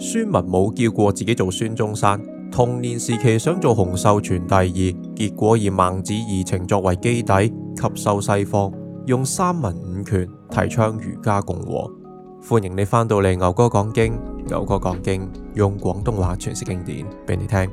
孫文冇叫過自己做孫中山，童年時期想做洪秀全第二，結果以孟子二程作為基底，吸收西方，用三民五權提倡儒家共和。歡迎你翻到嚟牛哥講經，牛哥講經用廣東話詮釋經典俾你聽。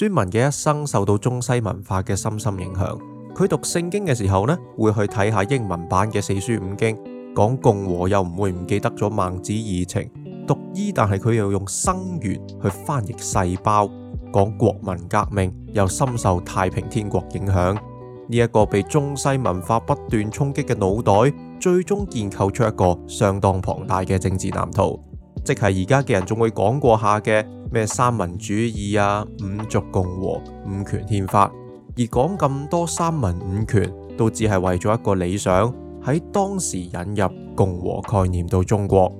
孫文嘅一生受到中西文化嘅深深影響。佢讀聖經嘅時候呢，會去睇下英文版嘅四書五經，講共和又唔會唔記得咗孟子二程。讀醫，但係佢又用生元去翻譯細胞，講國民革命又深受太平天國影響。呢、這、一個被中西文化不斷衝擊嘅腦袋，最終建構出一個相當龐大嘅政治藍圖。即係而家嘅人仲會講過下嘅咩三民主義啊、五族共和、五權憲法，而講咁多三民五權都只係為咗一個理想，喺當時引入共和概念到中國。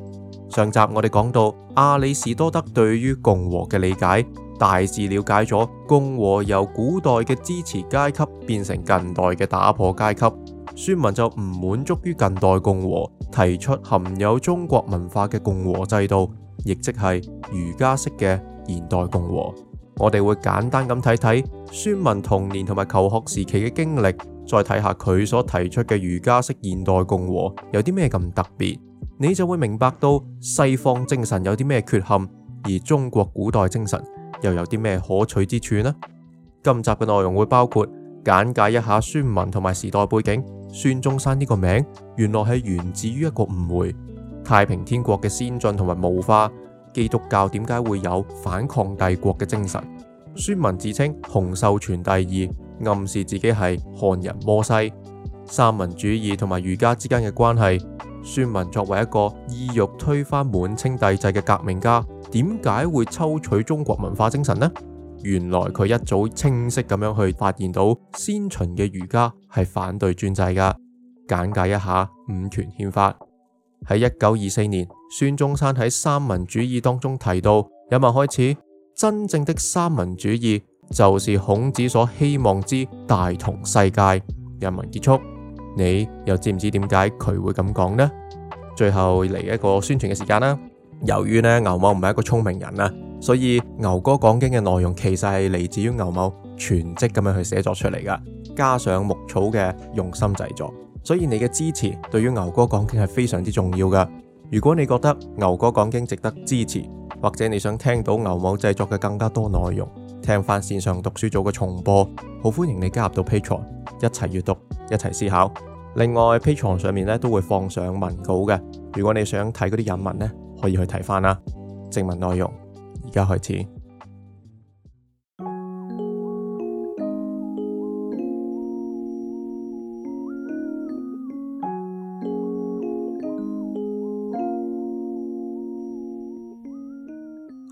上集我哋講到阿里士多德對於共和嘅理解，大致了解咗共和由古代嘅支持階級，變成近代嘅打破階級。孫文就唔滿足於近代共和，提出含有中國文化嘅共和制度，亦即係儒家式嘅現代共和。我哋會簡單咁睇睇孫文童年同埋求學時期嘅經歷，再睇下佢所提出嘅儒家式現代共和有啲咩咁特別，你就會明白到西方精神有啲咩缺陷，而中國古代精神又有啲咩可取之處呢？今集嘅內容會包括。簡介一下孫文同埋時代背景。孫中山呢個名原來係源自於一個誤會。太平天國嘅先進同埋巫化，基督教點解會有反抗帝國嘅精神？孫文自稱洪秀全第二，暗示自己係漢人摩西。三民主義同埋儒家之間嘅關係。孫文作為一個意欲推翻滿清帝制嘅革命家，點解會抽取中國文化精神呢？原來佢一早清晰咁樣去發現到先秦嘅儒家係反對專制噶。簡介一下五權憲法，喺一九二四年，孫中山喺三民主義當中提到：人民開始真正的三民主義就是孔子所希望之大同世界。人民結束，你又知唔知點解佢會咁講呢？最後嚟一個宣傳嘅時間啦。由於呢，牛某唔係一個聰明人啊。所以牛哥講經嘅內容其實係嚟自於牛某全職咁樣去寫作出嚟噶，加上牧草嘅用心製作，所以你嘅支持對於牛哥講經係非常之重要噶。如果你覺得牛哥講經值得支持，或者你想聽到牛某製作嘅更加多內容，聽翻線上讀書組嘅重播，好歡迎你加入到 Patreon，一齊閱讀一齊思考。另外，Patreon 上面咧都會放上文稿嘅，如果你想睇嗰啲引文呢，可以去睇翻啦。正文內容。而家開始。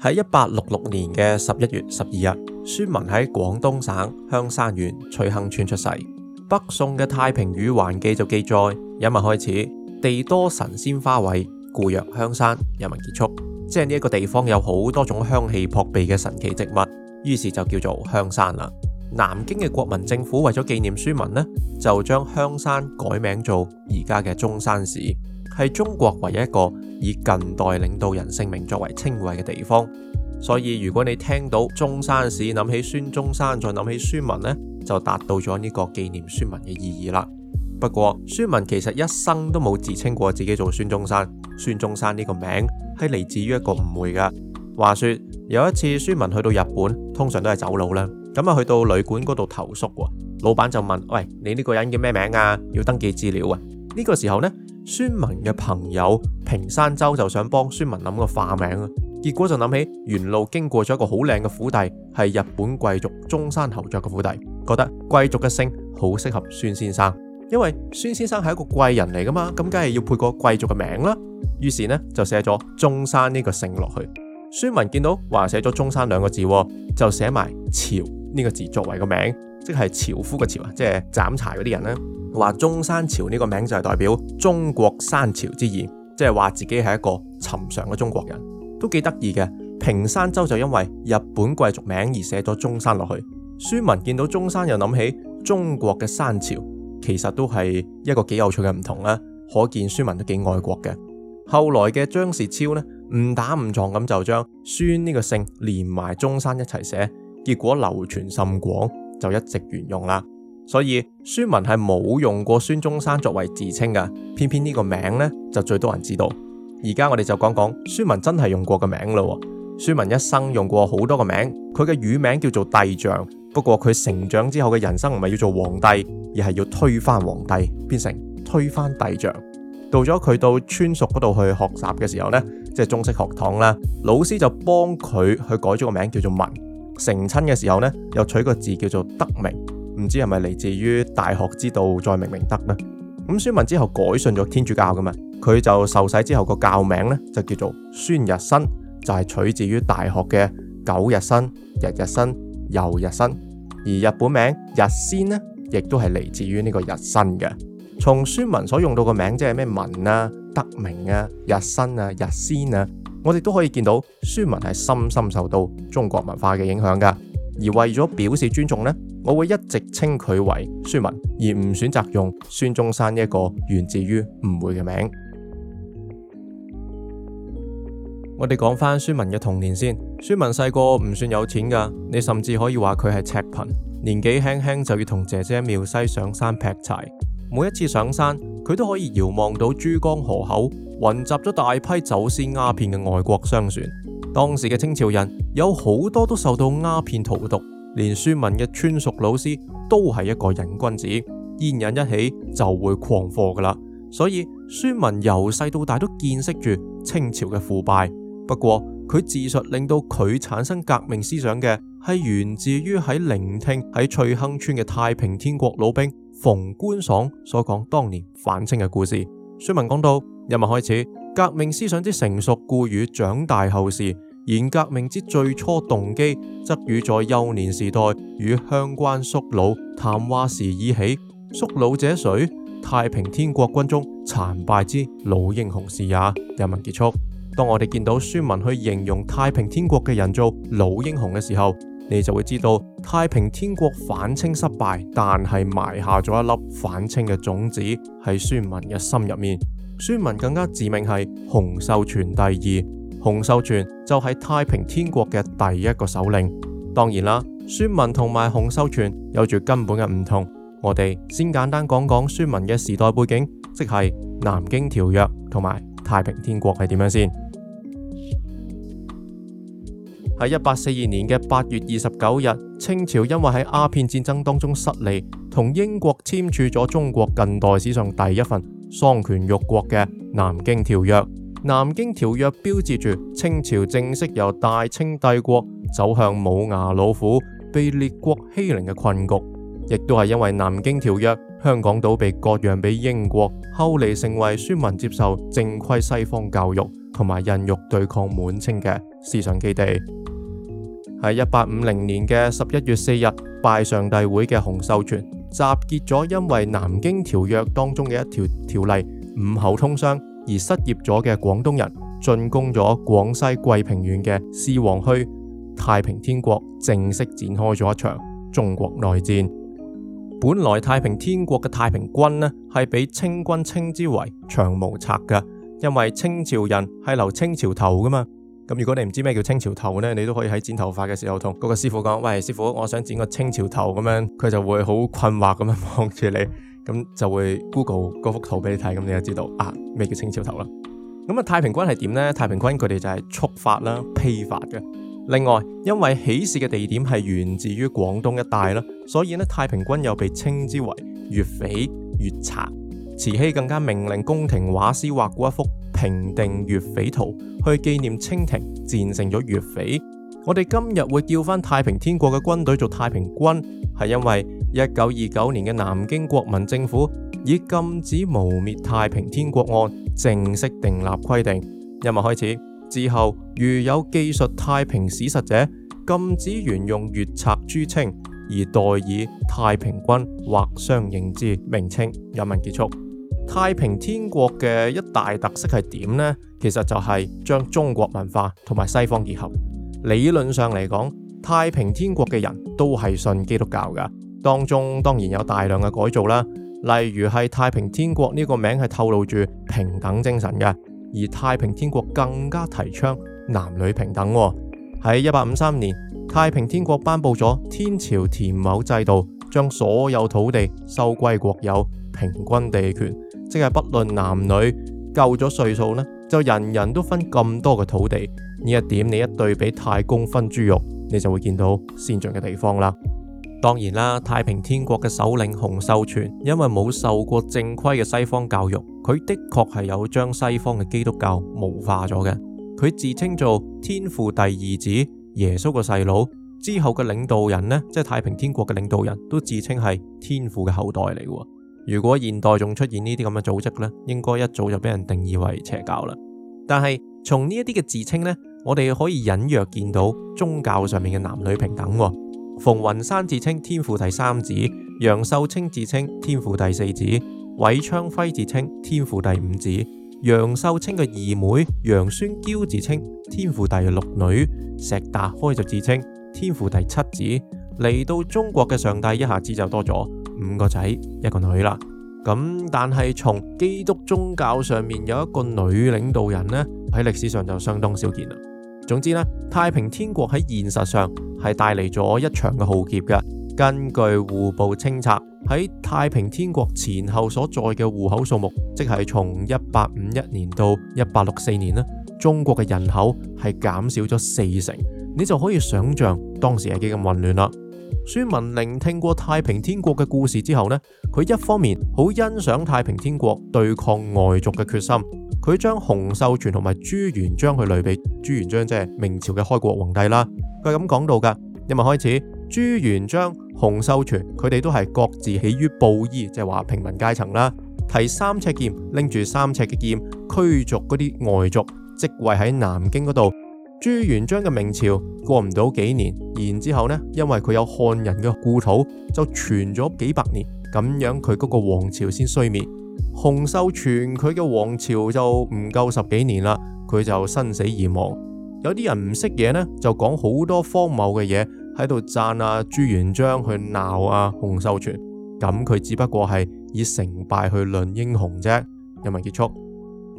喺一八六六年嘅十一月十二日，孫文喺廣東省香山縣翠亨村出世。北宋嘅《太平寰宇記》就記載：引文開始，地多神仙花卉，故曰香山。引文結束。即係呢一個地方有好多種香氣撲鼻嘅神奇植物，於是就叫做香山啦。南京嘅國民政府為咗紀念孫文呢，就將香山改名做而家嘅中山市，係中國唯一一個以近代領導人姓名作為稱謂嘅地方。所以如果你聽到中山市，諗起孫中山，再諗起孫文呢，就達到咗呢個紀念孫文嘅意義啦。不過，孫文其實一生都冇自稱過自己做孫中山。孫中山呢個名係嚟自於一個誤會噶。話說有一次，孫文去到日本，通常都係走佬啦。咁啊，去到旅館嗰度投宿，老闆就問：「喂，你呢個人叫咩名啊？要登記資料啊？呢個時候呢，孫文嘅朋友平山周就想幫孫文諗個化名啊。結果就諗起沿路經過咗一個好靚嘅府邸，係日本貴族中山侯爵嘅府邸，覺得貴族嘅姓好適合孫先生。因為孫先生係一個貴人嚟噶嘛，咁梗係要配個貴族嘅名啦。於是呢，就寫咗中山呢個姓落去。書文見到話寫咗中山兩個字，就寫埋朝呢個字作為名字個名，即係朝夫嘅朝，即係斬柴嗰啲人呢，話中山朝呢個名就係代表中國山朝之意，即係話自己係一個尋常嘅中國人，都幾得意嘅。平山州就因為日本貴族名而寫咗中山落去，書文見到中山又諗起中國嘅山朝。其實都係一個幾有趣嘅唔同啦，可見孫文都幾愛國嘅。後來嘅張士超呢，誤打誤撞咁就將孫呢個姓連埋中山一齊寫，結果流傳甚廣，就一直沿用啦。所以孫文係冇用過孫中山作為自稱嘅，偏偏呢個名呢就最多人知道。而家我哋就講講孫文真係用過嘅名啦。孫文一生用過好多個名，佢嘅乳名叫做帝象。不過佢成長之後嘅人生唔係要做皇帝，而係要推翻皇帝，變成推翻帝制。到咗佢到村塾嗰度去學習嘅時候呢，即係中式學堂啦，老師就幫佢去改咗個名叫做文。成親嘅時候呢，又取個字叫做德明，唔知係咪嚟自於大學之道，在明明德呢？咁孫文之後改信咗天主教噶嘛，佢就受洗之後個教名呢就叫做孫日新，就係、是、取自於大學嘅苟日新，日日新。又日新，而日本名日仙呢，亦都係嚟自於呢個日新嘅。從孫文所用到個名，即係咩文啊、德明啊、日新啊、日仙啊，我哋都可以見到孫文係深深受到中國文化嘅影響噶。而為咗表示尊重呢，我會一直稱佢為孫文，而唔選擇用孫中山一個源自於誤會嘅名。我哋講翻孫文嘅童年先。孫文細個唔算有錢噶，你甚至可以話佢係赤貧。年紀輕輕就要同姐姐妙茜上山劈柴，每一次上山佢都可以遙望到珠江河口雲集咗大批走私鴉片嘅外國商船。當時嘅清朝人有好多都受到鴉片荼毒，連孫文嘅村塾老師都係一個癮君子，煙癮一起就會狂貨噶啦。所以孫文由細到大都見識住清朝嘅腐敗。不過佢自述令到佢產生革命思想嘅，係源自於喺聆聽喺翠亨村嘅太平天國老兵馮觀爽所講當年反清嘅故事。孫文講到，引文開始，革命思想之成熟故與長大後事，然革命之最初動機，則與在幼年時代與鄉關宿老談話時已起。宿老者誰？太平天國軍中殘敗之老英雄是也。引文結束。當我哋見到孫文去形容太平天國嘅人做老英雄嘅時候，你就會知道太平天國反清失敗，但係埋下咗一粒反清嘅種子喺孫文嘅心入面。孫文更加自命係洪秀全第二，洪秀全就係太平天國嘅第一個首領。當然啦，孫文同埋洪秀全有住根本嘅唔同。我哋先簡單講講孫文嘅時代背景，即係《南京條約》同埋。太平天國係點樣先？喺一八四二年嘅八月二十九日，清朝因為喺鴉片戰爭當中失利，同英國簽署咗中國近代史上第一份喪權辱國嘅《南京條約》。《南京條約》標誌住清朝正式由大清帝國走向冇牙老虎、被列國欺凌嘅困局，亦都係因為《南京條約》。香港島被割讓俾英國，後嚟成為孫文接受正規西方教育同埋孕育對抗滿清嘅思想基地。喺一八五零年嘅十一月四日，拜上帝會嘅洪秀全集結咗，因為南京條約當中嘅一條條例五口通商而失業咗嘅廣東人，進攻咗廣西桂平縣嘅思旺墟，太平天國正式展開咗一場中國內戰。本來太平天國嘅太平軍呢，係俾清軍稱之為長毛賊噶，因為清朝人係留清朝頭噶嘛。咁如果你唔知咩叫清朝頭呢，你都可以喺剪頭髮嘅時候同嗰個師傅講：喂，師傅，我想剪個清朝頭咁樣，佢就會好困惑咁樣望住你，咁就會 Google 嗰幅圖俾你睇，咁你就知道啊咩叫清朝頭啦。咁啊，太平軍係點呢？太平軍佢哋就係束髮啦、披髮嘅。另外，因為起事嘅地點係源自於廣東一帶啦，所以呢太平軍又被稱之為粵匪、粵賊。慈禧更加命令宮廷畫師畫過一幅《平定粵匪圖》，去紀念清廷戰勝咗粵匪。我哋今日會叫翻太平天國嘅軍隊做太平軍，係因為一九二九年嘅南京國民政府以禁止污蔑太平天國案正式訂立規定。今日開始。之後如有記述太平史實者，禁止沿用粵匪諸稱，而代以太平軍或相應之名稱。引文結束。太平天國嘅一大特色係點呢？其實就係將中國文化同埋西方結合。理論上嚟講，太平天國嘅人都係信基督教噶，當中當然有大量嘅改造啦。例如係太平天國呢個名係透露住平等精神嘅。而太平天國更加提倡男女平等喎、哦。喺一八五三年，太平天國頒布咗《天朝田畝制度》，將所有土地收歸國有，平均地權，即係不論男女，夠咗歲數呢，就人人都分咁多嘅土地。呢一點你一對比太公分豬肉，你就會見到先進嘅地方啦。當然啦，太平天國嘅首領洪秀全因為冇受過正規嘅西方教育。佢的確係有將西方嘅基督教巫化咗嘅，佢自稱做天父第二子耶穌個細佬，之後嘅領導人呢，即係太平天國嘅領導人都自稱係天父嘅後代嚟。如果現代仲出現呢啲咁嘅組織呢，應該一早就俾人定義為邪教啦。但係從呢一啲嘅自稱呢，我哋可以隱約見到宗教上面嘅男女平等。馮雲山自稱天父第三子，楊秀清自稱天父第四子。韋昌輝自稱，天父第五子，楊秀清嘅二妹楊宣嬌自稱天父第六女，石達開就自稱天父第七子。嚟到中國嘅上帝一下子就多咗五個仔一個女啦。咁但係從基督宗教上面有一個女領導人呢，喺歷史上就相當少見啦。總之呢，太平天國喺現實上係帶嚟咗一場嘅浩劫嘅。根據戶部清冊。喺太平天國前後所在嘅戶口數目，即係從一八五一年到一八六四年啦，中國嘅人口係減少咗四成，你就可以想象當時係幾咁混亂啦。孫文聆聽過太平天國嘅故事之後呢，佢一方面好欣賞太平天國對抗外族嘅決心，佢將洪秀全同埋朱元璋去類比。朱元璋即係明朝嘅開國皇帝啦，佢係咁講到噶。因為開始，朱元璋。洪秀全佢哋都係各自起於布衣，即係話平民階層啦，提三尺劍，拎住三尺嘅劍驅逐嗰啲外族，即位喺南京嗰度。朱元璋嘅明朝過唔到幾年，然之後呢，因為佢有漢人嘅故土，就存咗幾百年，咁樣佢嗰個王朝先衰滅。洪秀全佢嘅王朝就唔夠十幾年啦，佢就生死而亡。有啲人唔識嘢呢，就講好多荒謬嘅嘢。喺度讚阿朱元璋去鬧阿、啊、洪秀全，咁佢只不過係以成敗去論英雄啫。又咪結束？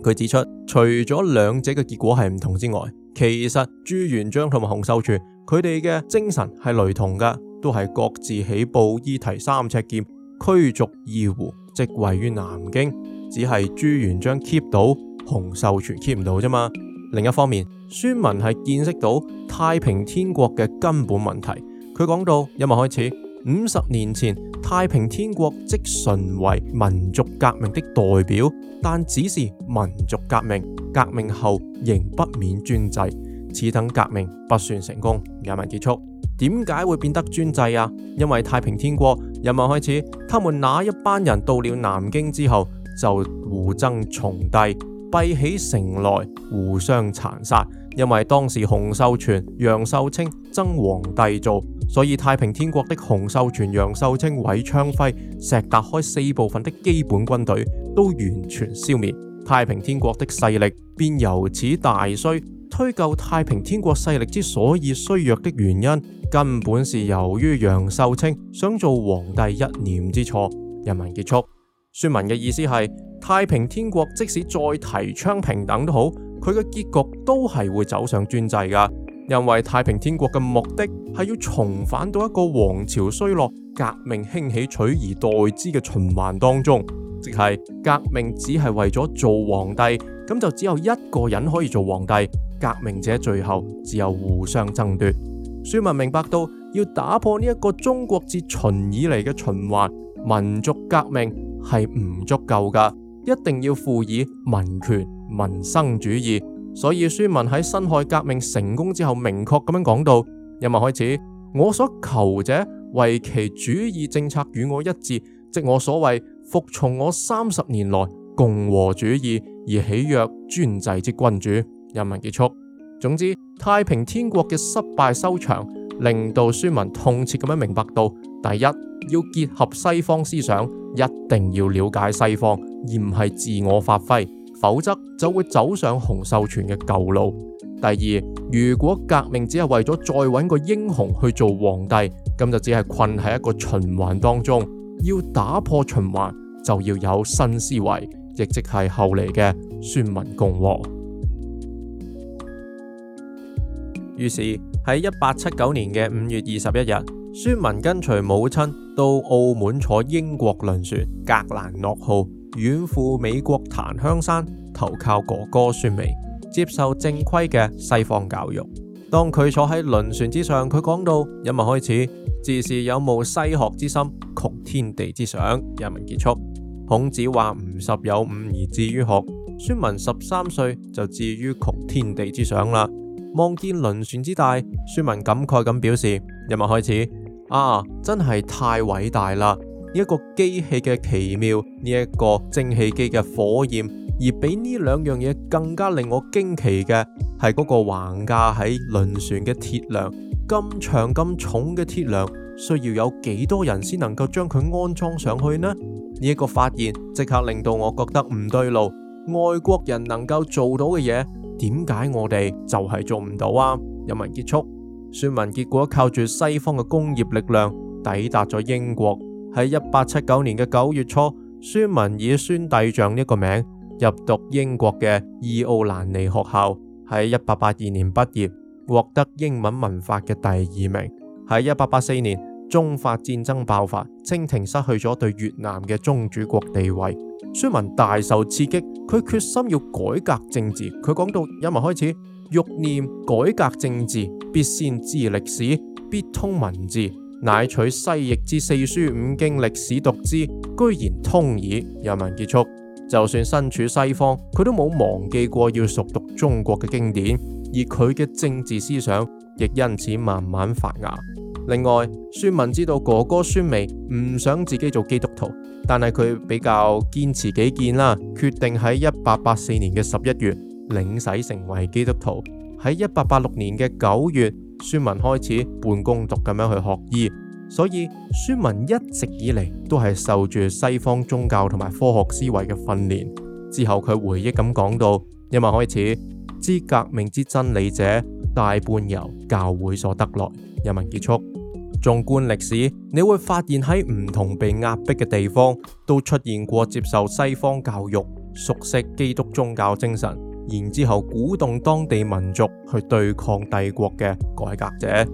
佢指出，除咗兩者嘅結果係唔同之外，其實朱元璋同埋洪秀全佢哋嘅精神係雷同噶，都係各自起步，依提三尺劍，驅逐異胡，即位於南京。只係朱元璋 keep 到，洪秀全 keep 唔到啫嘛。另一方面，孫文係見識到太平天國嘅根本問題。佢講到：，引文開始，五十年前太平天國即純為民族革命的代表，但只是民族革命，革命後仍不免專制。此等革命不算成功，引文結束。點解會變得專制啊？因為太平天國，引文開始，他們那一班人到了南京之後，就互爭崇帝。閉起城來互相殘殺，因為當時洪秀全、楊秀清爭皇帝做，所以太平天國的洪秀全、楊秀清、韋昌輝、石達開四部分的基本軍隊都完全消滅，太平天國的勢力便由此大衰。推究太平天國勢力之所以衰弱的原因，根本是由於楊秀清想做皇帝一念之錯。人民結束。孫文嘅意思係太平天國，即使再提倡平等都好，佢嘅結局都係會走上專制噶。因為太平天國嘅目的係要重返到一個王朝衰落、革命興起取而代之嘅循環當中，即係革命只係為咗做皇帝，咁就只有一個人可以做皇帝。革命者最後只有互相爭奪。孫文明白到要打破呢一個中國自秦以嚟嘅循環，民族革命係唔足夠㗎，一定要賦以民權民生主義。所以孫文喺辛亥革命成功之後，明確咁樣講到：引文開始，我所求者為其主義政策與我一致，即我所謂服從我三十年來共和主義而喜約專制之君主。引文結束。總之，太平天國嘅失敗收場，令到孫文痛切咁樣明白到：第一。要結合西方思想，一定要了解西方，而唔係自我發揮，否則就會走上洪秀全嘅舊路。第二，如果革命只係為咗再搵個英雄去做皇帝，咁就只係困喺一個循環當中。要打破循環，就要有新思維，亦即係後嚟嘅孫文共和。於是喺一八七九年嘅五月二十一日，孫文跟隨母親。到澳門坐英國輪船格蘭諾號，遠赴美國檀香山，投靠哥哥孫眉，接受正規嘅西方教育。當佢坐喺輪船之上，佢講到：，今日開始自是有慕西學之心，窮天地之想。今日結束，孔子話：，吾十有五而志於學。孫文十三歲就志於窮天地之想啦。望見輪船之大，孫文感慨咁表示：，今日開始。啊！真係太偉大啦！呢一個機器嘅奇妙，呢一個蒸汽機嘅火焰，而比呢兩樣嘢更加令我驚奇嘅係嗰個橫架喺輪船嘅鐵梁，咁長咁重嘅鐵梁，需要有幾多人先能夠將佢安裝上去呢？呢一個發現即刻令到我覺得唔對路，外國人能夠做到嘅嘢，點解我哋就係做唔到啊？引文結束。孫文結果靠住西方嘅工業力量抵達咗英國。喺一八七九年嘅九月初，孫文以「孫帝象」呢個名入讀英國嘅伊奧蘭尼學校，喺一八八二年畢業，獲得英文文法嘅第二名。喺一八八四年，中法戰爭爆發，清廷失去咗對越南嘅宗主國地位，孫文大受刺激，佢決心要改革政治。佢講到，有冇開始？欲念改革政治，必先知歷史，必通文字，乃取西譯之四書五經歷史讀之，居然通矣。引文結束。就算身處西方，佢都冇忘記過要熟讀中國嘅經典，而佢嘅政治思想亦因此慢慢發芽。另外，孫文知道哥哥孫眉唔想自己做基督徒，但係佢比較堅持己見啦，決定喺一八八四年嘅十一月。領洗成為基督徒，喺一八八六年嘅九月，孫文開始半工讀咁樣去學醫，所以孫文一直以嚟都係受住西方宗教同埋科學思維嘅訓練。之後佢回憶咁講到：，引文開始，知革命之真理者，大半由教會所得來。引文結束，縱觀歷史，你會發現喺唔同被壓迫嘅地方，都出現過接受西方教育、熟悉基督宗教精神。然之後鼓動當地民族去對抗帝國嘅改革者，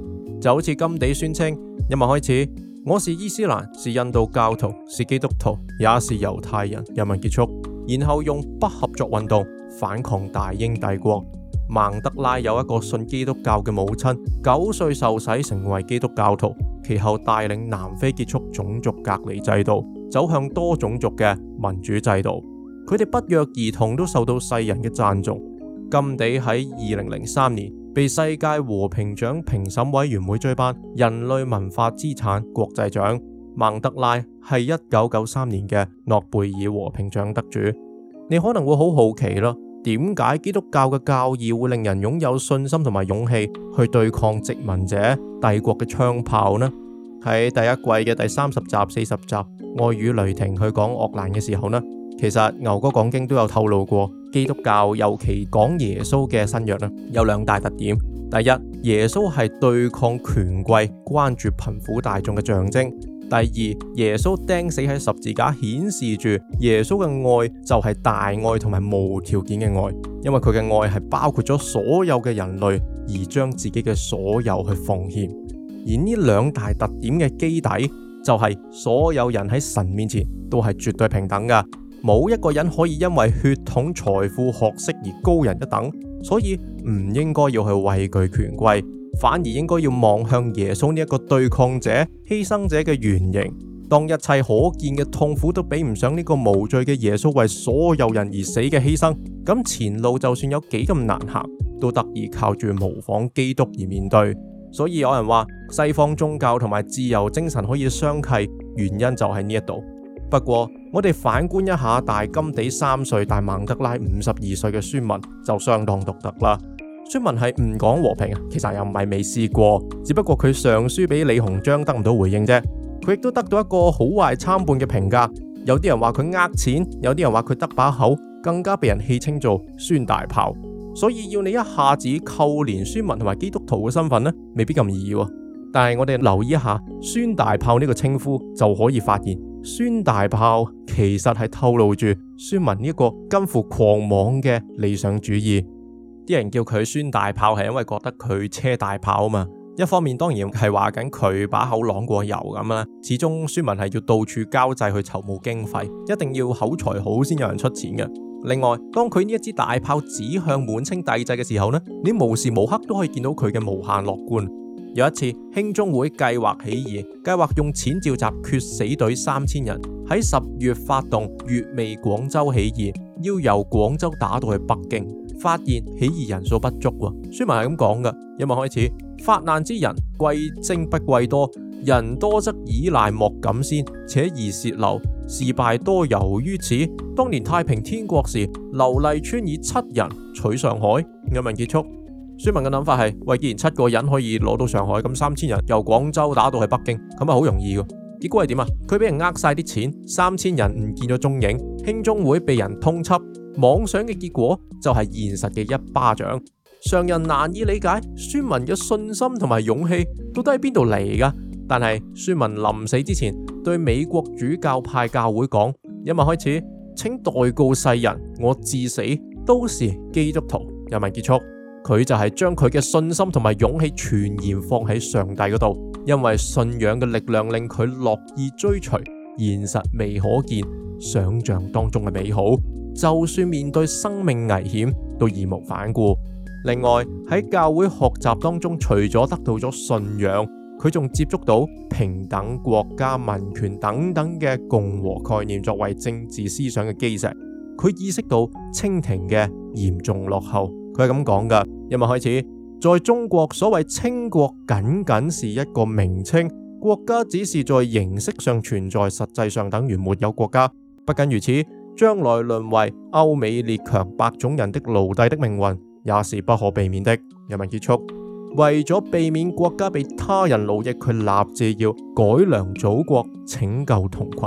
就好似甘地宣稱：引文開始，我是伊斯蘭，是印度教徒，是基督徒，也是猶太人。引文結束，然後用不合作運動反抗大英帝國。曼德拉有一個信基督教嘅母親，九歲受洗成為基督教徒，其後帶領南非結束種族隔離制度，走向多種族嘅民主制度。佢哋不約而同都受到世人嘅讚頌。甘地喺二零零三年被世界和平獎評審委員會追頒人類文化資產國際獎。孟德拉係一九九三年嘅諾貝爾和平獎得主。你可能會好好奇囉，點解基督教嘅教義會令人擁有信心同埋勇氣去對抗殖民者、帝國嘅槍炮呢？喺第一季嘅第三十集、四十集《愛與雷霆》去講惡難嘅時候呢？其實牛哥講經都有透露過，基督教尤其講耶穌嘅新約啦，有兩大特點。第一，耶穌係對抗權貴、關注貧苦大眾嘅象徵；第二，耶穌釘死喺十字架，顯示住耶穌嘅愛就係大愛同埋無條件嘅愛，因為佢嘅愛係包括咗所有嘅人類，而將自己嘅所有去奉獻。而呢兩大特點嘅基底就係所有人喺神面前都係絕對平等㗎。冇一個人可以因為血統、財富、學識而高人一等，所以唔應該要去畏懼權貴，反而應該要望向耶穌呢一個對抗者、犧牲者嘅原型。當一切可見嘅痛苦都比唔上呢個無罪嘅耶穌為所有人而死嘅犧牲，咁前路就算有幾咁難行，都得以靠住模仿基督而面對。所以有人話西方宗教同埋自由精神可以相契，原因就喺呢一度。不過我哋反觀一下，大甘地三歲，大曼德拉五十二歲嘅孫文就相當獨特啦。孫文係唔講和平啊，其實又唔係未試過，只不過佢上書俾李鴻章得唔到回應啫。佢亦都得到一個好壞參半嘅評價，有啲人話佢呃錢，有啲人話佢得把口，更加被人戲稱做孫大炮。所以要你一下子扣連孫文同埋基督徒嘅身份呢，未必咁易啊。但係我哋留意一下孫大炮呢個稱呼就可以發現。孫大炮其實係透露住孫文呢一個近乎狂妄嘅理想主義，啲人叫佢孫大炮係因為覺得佢車大炮啊嘛。一方面當然係話緊佢把口啷過油咁啦，始終孫文係要到處交際去籌募經費，一定要口才好先有人出錢嘅。另外，當佢呢一支大炮指向滿清帝制嘅時候呢，你無時無刻都可以見到佢嘅無限樂觀。有一次，興中會計劃起義，計劃用錢召集決死隊三千人，喺十月發動乙未廣州起義，要由廣州打到去北京，發現起義人數不足，啊，孫文係咁講嘅。引文開始，嗯、發難之人貴精不貴多，人多則倚賴，莫敢先，且易洩漏。」事敗多由於此。當年太平天國時，劉麗川以七人取上海。引文結束。孫文嘅諗法係：喂，既然七個人可以攞到上海，咁三千人由廣州打到去北京，咁啊好容易噶。結果係點啊？佢俾人呃晒啲錢，三千人唔見咗蹤影，興中會被人通緝，妄想嘅結果就係現實嘅一巴掌。常人難以理解，孫文嘅信心同埋勇氣到底喺邊度嚟噶？但係孫文臨死之前對美國主教派教會講一日開始，請代告世人，我至死都是基督徒。人民結束。佢就係將佢嘅信心同埋勇氣全然放喺上帝嗰度，因為信仰嘅力量令佢樂意追隨現實未可見、想象當中嘅美好，就算面對生命危險都義無反顧。另外喺教會學習當中，除咗得到咗信仰，佢仲接觸到平等、國家、民權等等嘅共和概念作為政治思想嘅基石。佢意識到清廷嘅嚴重落後。佢係咁講噶，引文開始，在中國所謂清國僅僅是一個名稱，國家只是在形式上存在，實際上等於沒有國家。不僅如此，將來淪為歐美列強白種人的奴隸的命運也是不可避免的。引文結束，為咗避免國家被他人奴役，佢立志要改良祖國，拯救同群。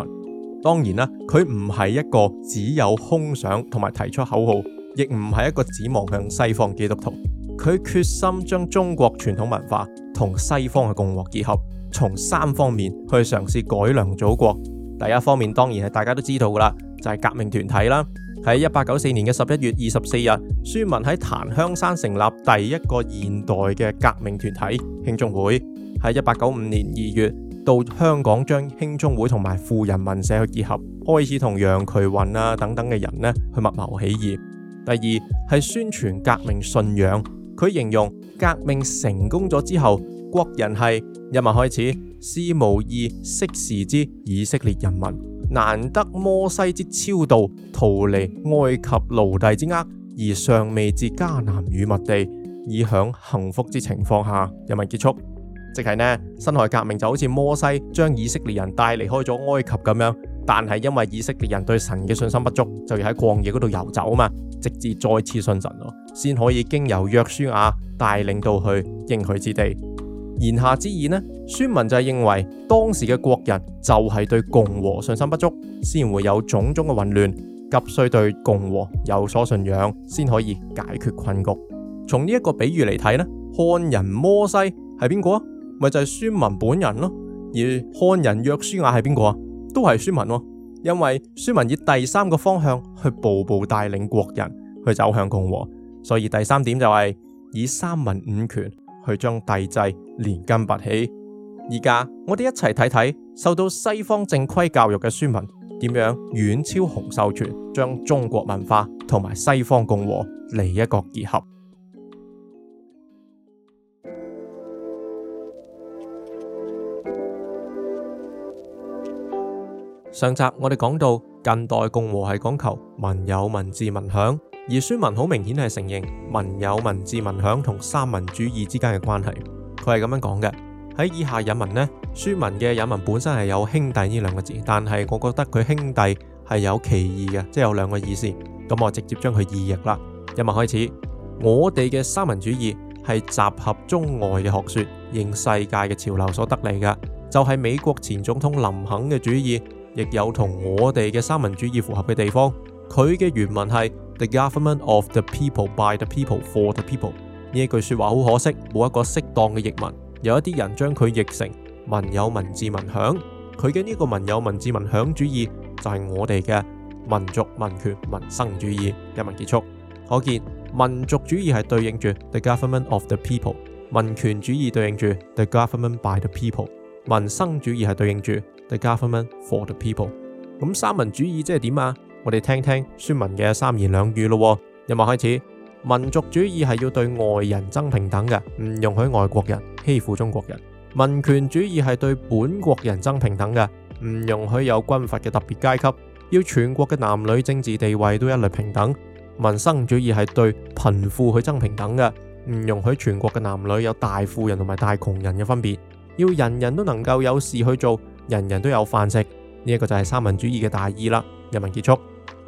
當然啦，佢唔係一個只有空想同埋提出口號。亦唔係一個指望向西方基督徒，佢決心將中國傳統文化同西方嘅共和結合，從三方面去嘗試改良祖國。第一方面當然係大家都知道噶啦，就係革命團體啦。喺一八九四年嘅十一月二十四日，孫文喺檀香山成立第一個現代嘅革命團體興中會。喺一八九五年二月到香港，將興中會同埋輔仁文社去結合，開始同楊衢雲啊等等嘅人咧去密謀起義。第二係宣傳革命信仰，佢形容革命成功咗之後，國人係一物開始，思無義釋事之以色列人民，難得摩西之超度，逃離埃及奴隸之厄，而尚未至迦南與密地，以享幸福之情況下，人民結束，即係呢，辛亥革命就好似摩西將以色列人帶離開咗埃及咁樣。但係因為以色列人對神嘅信心不足，就要喺曠野嗰度游走啊嘛，直至再次信神咯，先可以經由約書亞帶領到去應許之地。言下之意呢，孫文就係認為當時嘅國人就係對共和信心不足，先會有種種嘅混亂，急需對共和有所信仰，先可以解決困局。從呢一個比喻嚟睇呢，漢人摩西係邊個？咪就係、是、孫文本人咯。而漢人約書亞係邊個啊？都係孫文哦，因為孫文以第三個方向去步步帶領國人去走向共和，所以第三點就係以三民五權去將帝制連根拔起。而家我哋一齊睇睇受到西方正規教育嘅孫文點樣遠超洪秀全，將中國文化同埋西方共和嚟一個結合。上集我哋講到近代共和係講求民有、民治、民享，而孫文好明顯係承認民有、民治、民享同三民主義之間嘅關係。佢係咁樣講嘅，喺以下引文呢。孫文嘅引文本身係有兄弟呢兩個字，但係我覺得佢兄弟係有歧義嘅，即係有兩個意思。咁我直接將佢意譯啦。引文開始，我哋嘅三民主義係集合中外嘅學說，應世界嘅潮流所得嚟嘅，就係美國前總統林肯嘅主義。亦有同我哋嘅三民主義符合嘅地方。佢嘅原文係 The government of the people by the people for the people。呢一句説話好可惜，冇一個適當嘅譯文。有一啲人將佢譯成民有民治民享。佢嘅呢個民有民治民享主義就係我哋嘅民族民權民生主義。一文結束，可見民族主義係對應住 The government of the people，民權主義對應住 The government by the people，民生主義係對應住，the government for the people，咁三民主義即係點啊？我哋聽聽孫文嘅三言兩語咯。音樂開始，民族主義係要對外人爭平等嘅，唔容許外國人欺負中國人；民權主義係對本國人爭平等嘅，唔容許有軍閥嘅特別階級，要全國嘅男女政治地位都一律平等；民生主義係對貧富去爭平等嘅，唔容許全國嘅男女有大富人同埋大窮人嘅分別，要人人都能夠有事去做。人人都有飯食，呢一個就係三民主義嘅大意啦。引文結束，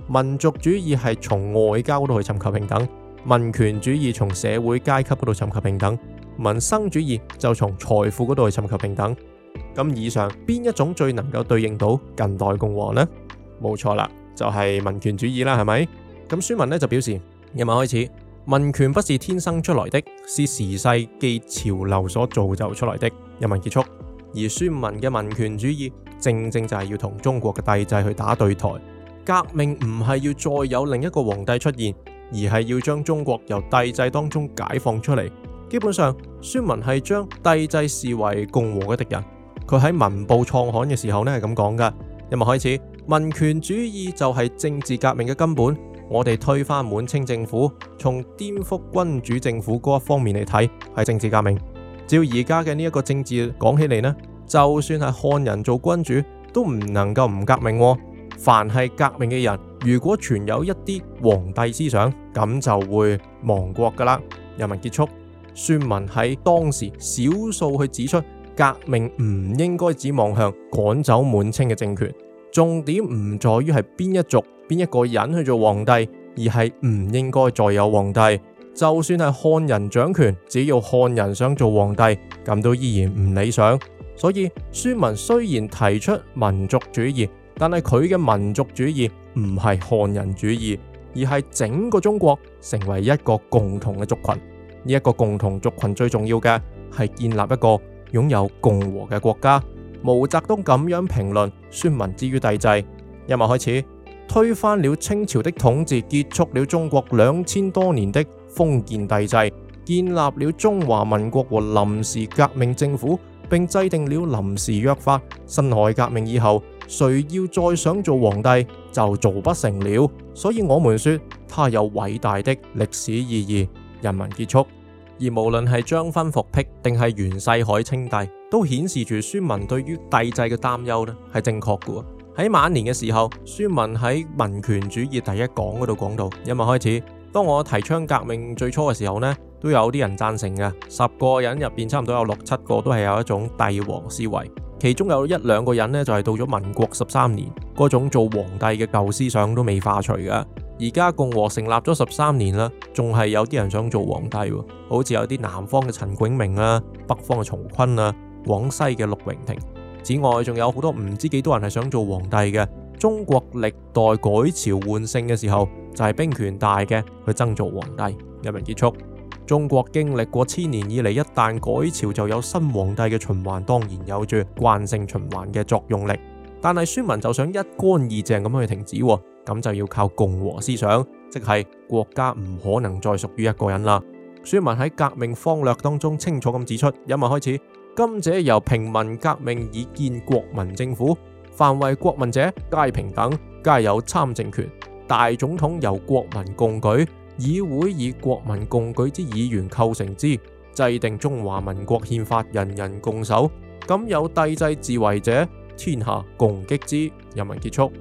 民族主義係從外交嗰度去尋求平等，民權主義從社會階級嗰度尋求平等，民生主義就從財富嗰度去尋求平等。咁以上邊一種最能夠對應到近代共和呢？冇錯啦，就係民權主義啦，係咪？咁孫文呢就表示，引文開始，民權不是天生出來的，是時勢既潮流所造就出來的。引文結束。而孫文嘅民權主義正正就係要同中國嘅帝制去打對台，革命唔係要再有另一個皇帝出現，而係要將中國由帝制當中解放出嚟。基本上，孫文係將帝制視為共和嘅敵人。佢喺文部創刊嘅時候呢係咁講嘅：今日開始，民權主義就係政治革命嘅根本。我哋推翻滿清政府，從顛覆君主政府嗰一方面嚟睇，係政治革命。照而家嘅呢一個政治講起嚟呢，就算係漢人做君主，都唔能夠唔革命啊。凡係革命嘅人，如果存有一啲皇帝思想，咁就會亡國噶啦。人民結束，孫文喺當時少數去指出，革命唔應該指望向趕走滿清嘅政權，重點唔在於係邊一族邊一個人去做皇帝，而係唔應該再有皇帝。就算係漢人掌權，只要漢人想做皇帝，咁都依然唔理想。所以孫文雖然提出民族主義，但係佢嘅民族主義唔係漢人主義，而係整個中國成為一個共同嘅族群。呢、這、一個共同族群最重要嘅係建立一個擁有共和嘅國家。毛澤東咁樣評論孫文之於帝制。今日開始推翻了清朝的統治，結束了中國兩千多年的。封建帝制建立了中華民國和臨時革命政府，並制定了臨時約法。辛亥革命以後，誰要再想做皇帝就做不成了。所以，我們說它有偉大的歷史意義，人民結束。而無論係張勳復辟定係袁世凱稱帝，都顯示住孫文對於帝制嘅擔憂呢，係正確嘅。喺晚年嘅時候，孫文喺《民權主義第一講》嗰度講到，因為開始。當我提倡革命最初嘅時候呢，都有啲人贊成嘅。十個人入邊，差唔多有六七個都係有一種帝王思維。其中有一兩個人呢，就係到咗民國十三年，嗰種做皇帝嘅舊思想都未化除嘅。而家共和成立咗十三年啦，仲係有啲人想做皇帝喎。好似有啲南方嘅陳炯明啦、啊，北方嘅曹錕啦、啊，廣西嘅陸榮廷。此外，仲有好多唔知幾多人係想做皇帝嘅。中國歷代改朝換姓嘅時候，就係兵權大嘅，去爭做皇帝。引文結束，中國經歷過千年以嚟，一旦改朝就有新皇帝嘅循環，當然有住慣性循環嘅作用力。但係孫文就想一乾二淨咁去停止，啊，咁就要靠共和思想，即係國家唔可能再屬於一個人啦。孫文喺革命方略當中清楚咁指出，引文開始，今者由平民革命以建國民政府，凡為國民者，皆平等，皆有參政權。大總統由國民共舉，議會以國民共舉之議員構成之，制定中華民國憲法，人人共守。敢有帝制自為者，天下共擊之，人民結束。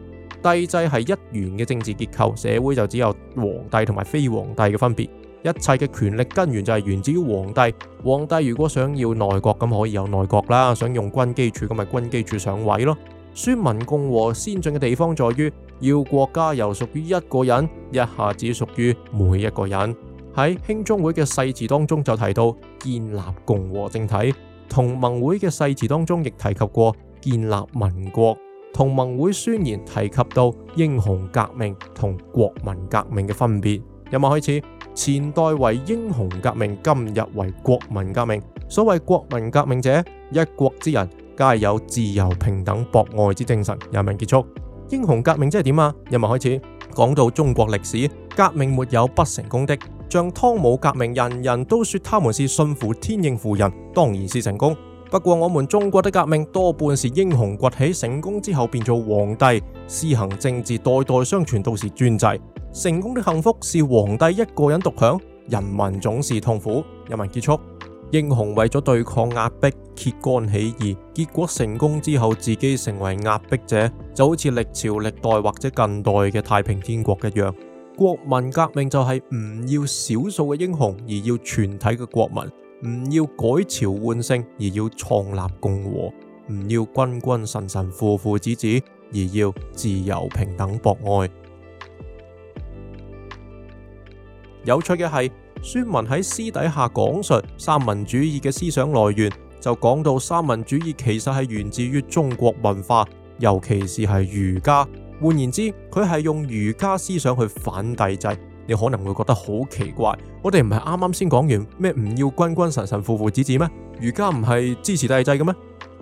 帝制係一元嘅政治結構，社會就只有皇帝同埋非皇帝嘅分別，一切嘅權力根源就係源自於皇帝。皇帝如果想要內閣，咁可以有內閣啦，想用軍機處咁咪軍機處上位咯。孫文共和先進嘅地方在於。要國家由屬於一個人，一下子屬於每一個人。喺興中會嘅誓詞當中就提到建立共和政體，同盟會嘅誓詞當中亦提及過建立民國。同盟會宣言提及到英雄革命同國民革命嘅分別。引文開始，前代為英雄革命，今日為國民革命。所謂國民革命者，一國之人皆有自由平等博愛之精神。引文結束。英雄革命即係點啊？人民開始講到中國歷史，革命沒有不成功的，像湯武革命，人人都說他們是順乎天應乎人，當然是成功。不過我們中國的革命多半是英雄崛起，成功之後便做皇帝，施行政治，代代相傳，到時專制。成功的幸福是皇帝一個人獨享，人民總是痛苦。人民結束。英雄為咗對抗壓迫揭竿起義，結果成功之後自己成為壓迫者，就好似歷朝歷代或者近代嘅太平天國一樣。國民革命就係唔要少數嘅英雄，而要全體嘅國民；唔要改朝換姓，而要創立共和；唔要君君臣臣父父子子，而要自由平等博愛。 有趣嘅係。孫文喺私底下講述三民主義嘅思想來源，就講到三民主義其實係源自於中國文化，尤其是係儒家。換言之，佢係用儒家思想去反帝制。你可能會覺得好奇怪，我哋唔係啱啱先講完咩唔要君君臣臣父父子子咩？儒家唔係支持帝制嘅咩？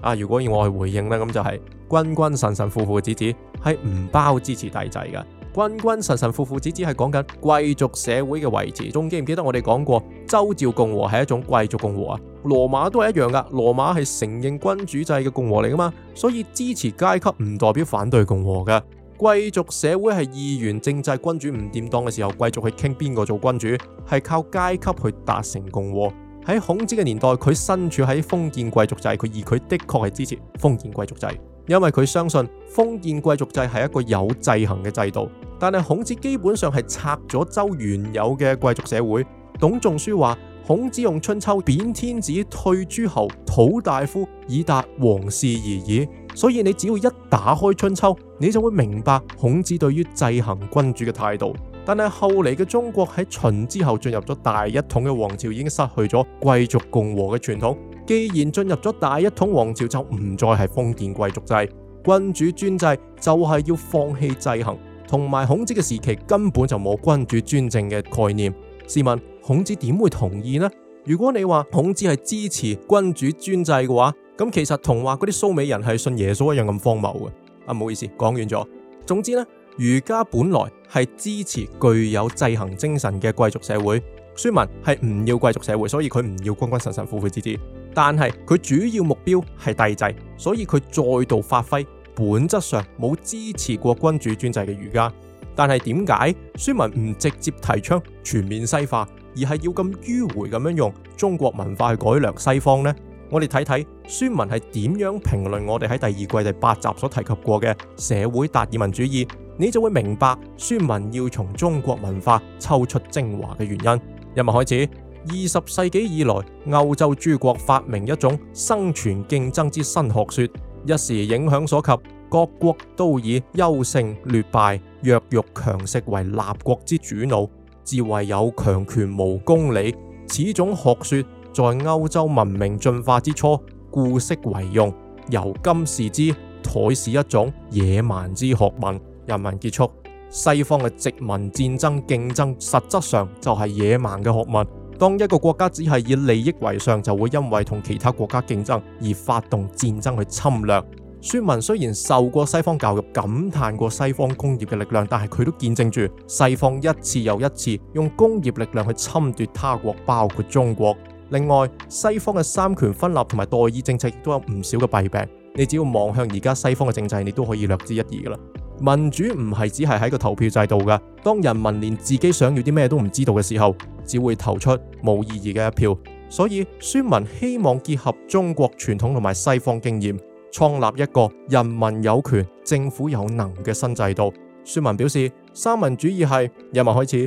啊，如果要我去回應呢，咁就係君君臣臣父父子子係唔包支持帝制嘅。君君臣臣父父子子係講緊貴族社會嘅維持。仲記唔記得我哋講過周召共和係一種貴族共和啊？羅馬都係一樣噶，羅馬係承認君主制嘅共和嚟噶嘛？所以支持階級唔代表反對共和噶。貴族社會係議員政制君主唔掂當嘅時候，貴族去傾邊個做君主，係靠階級去達成共和。喺孔子嘅年代，佢身處喺封建貴族制，佢而佢的確係支持封建貴族制。因為佢相信封建貴族制係一個有制衡嘅制度，但係孔子基本上係拆咗周原有嘅貴族社會。董仲舒話：孔子用《春秋》貶天子、退諸侯、討大夫，以達王事而已。所以你只要一打開《春秋》，你就會明白孔子對於制衡君主嘅態度。但係後嚟嘅中國喺秦之後進入咗大一統嘅王朝，已經失去咗貴族共和嘅傳統。既然進入咗大一統王朝，就唔再係封建貴族制、君主專制，就係要放棄制衡同埋孔子嘅時期根本就冇君主專政嘅概念。試問孔子點會同意呢？如果你話孔子係支持君主專制嘅話，咁其實同話嗰啲蘇美人係信耶穌一樣咁荒謬嘅。啊，唔好意思，講遠咗。總之呢，儒家本來係支持具有制衡精神嘅貴族社會，孫文係唔要貴族社會，所以佢唔要君君臣臣、父父子子。但係佢主要目標係帝制，所以佢再度發揮本質上冇支持過君主專制嘅儒家。但係點解孫文唔直接提倡全面西化，而係要咁迂回咁樣用中國文化去改良西方呢？我哋睇睇孫文係點樣評論我哋喺第二季第八集所提及過嘅社會達爾文主義，你就會明白孫文要從中國文化抽出精華嘅原因。日文開始。二十世紀以來，歐洲諸國發明一種生存競爭之新學說，一時影響所及，各國都以優勝劣敗、弱肉強食為立國之主腦。自謂有強權無公理。此種學說在歐洲文明進化之初，固適為用。由今時之，乃是一種野蠻之學問。人民結束西方嘅殖民戰爭競爭，實質上就係野蠻嘅學問。當一個國家只係以利益為上，就會因為同其他國家競爭而發動戰爭去侵略。孫文雖然受過西方教育，感嘆過西方工業嘅力量，但係佢都見證住西方一次又一次用工業力量去侵奪他國，包括中國。另外，西方嘅三權分立同埋代議政策亦都有唔少嘅弊病。你只要望向而家西方嘅政制，你都可以略知一二噶啦。民主唔係只係喺個投票制度嘅。當人民連自己想要啲咩都唔知道嘅時候，只會投出冇意義嘅一票。所以，孫文希望結合中國傳統同埋西方經驗，創立一個人民有權、政府有能嘅新制度。孫文表示：三民主義係引文開始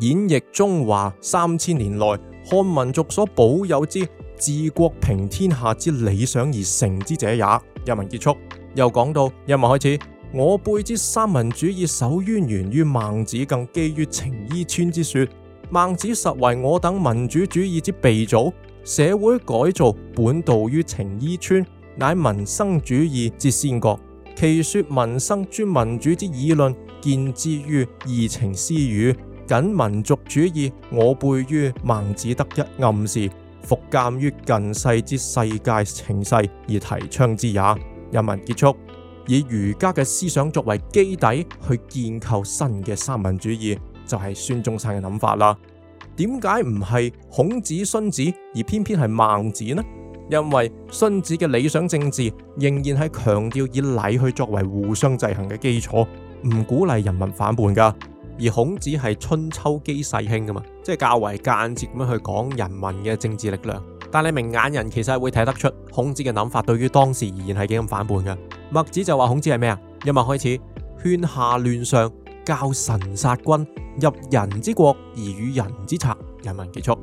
演繹中華三千年來漢民族所保有之治國平天下之理想而成之者也。引文結束，又講到引文開始。我輩之三民主義，首淵源於孟子，更基於程伊川之說。孟子實為我等民主主義之鼻祖。社會改造本道於程伊川，乃民生主義之先覺。其說民生專民主之議論，見之於二程私語。僅民族主義，我輩於孟子得一暗示，復鑒於近世之世界情勢而提倡之也。人民結束。以儒家嘅思想作為基底去建構新嘅三民主義，就係孫中山嘅諗法啦。點解唔係孔子、荀子，而偏偏係孟子呢？因為荀子嘅理想政治仍然係強調以禮去作為互相制衡嘅基礎，唔鼓勵人民反叛噶。而孔子係春秋譏世卿噶嘛，即係較為間接咁樣去講人民嘅政治力量。但你明眼人其實係會睇得出孔子嘅諗法對於當時而言係幾咁反叛噶。墨子就話孔子係咩啊？引文開始，勸下亂上，教，臣殺君，入人之國而與人之賊。引文結束。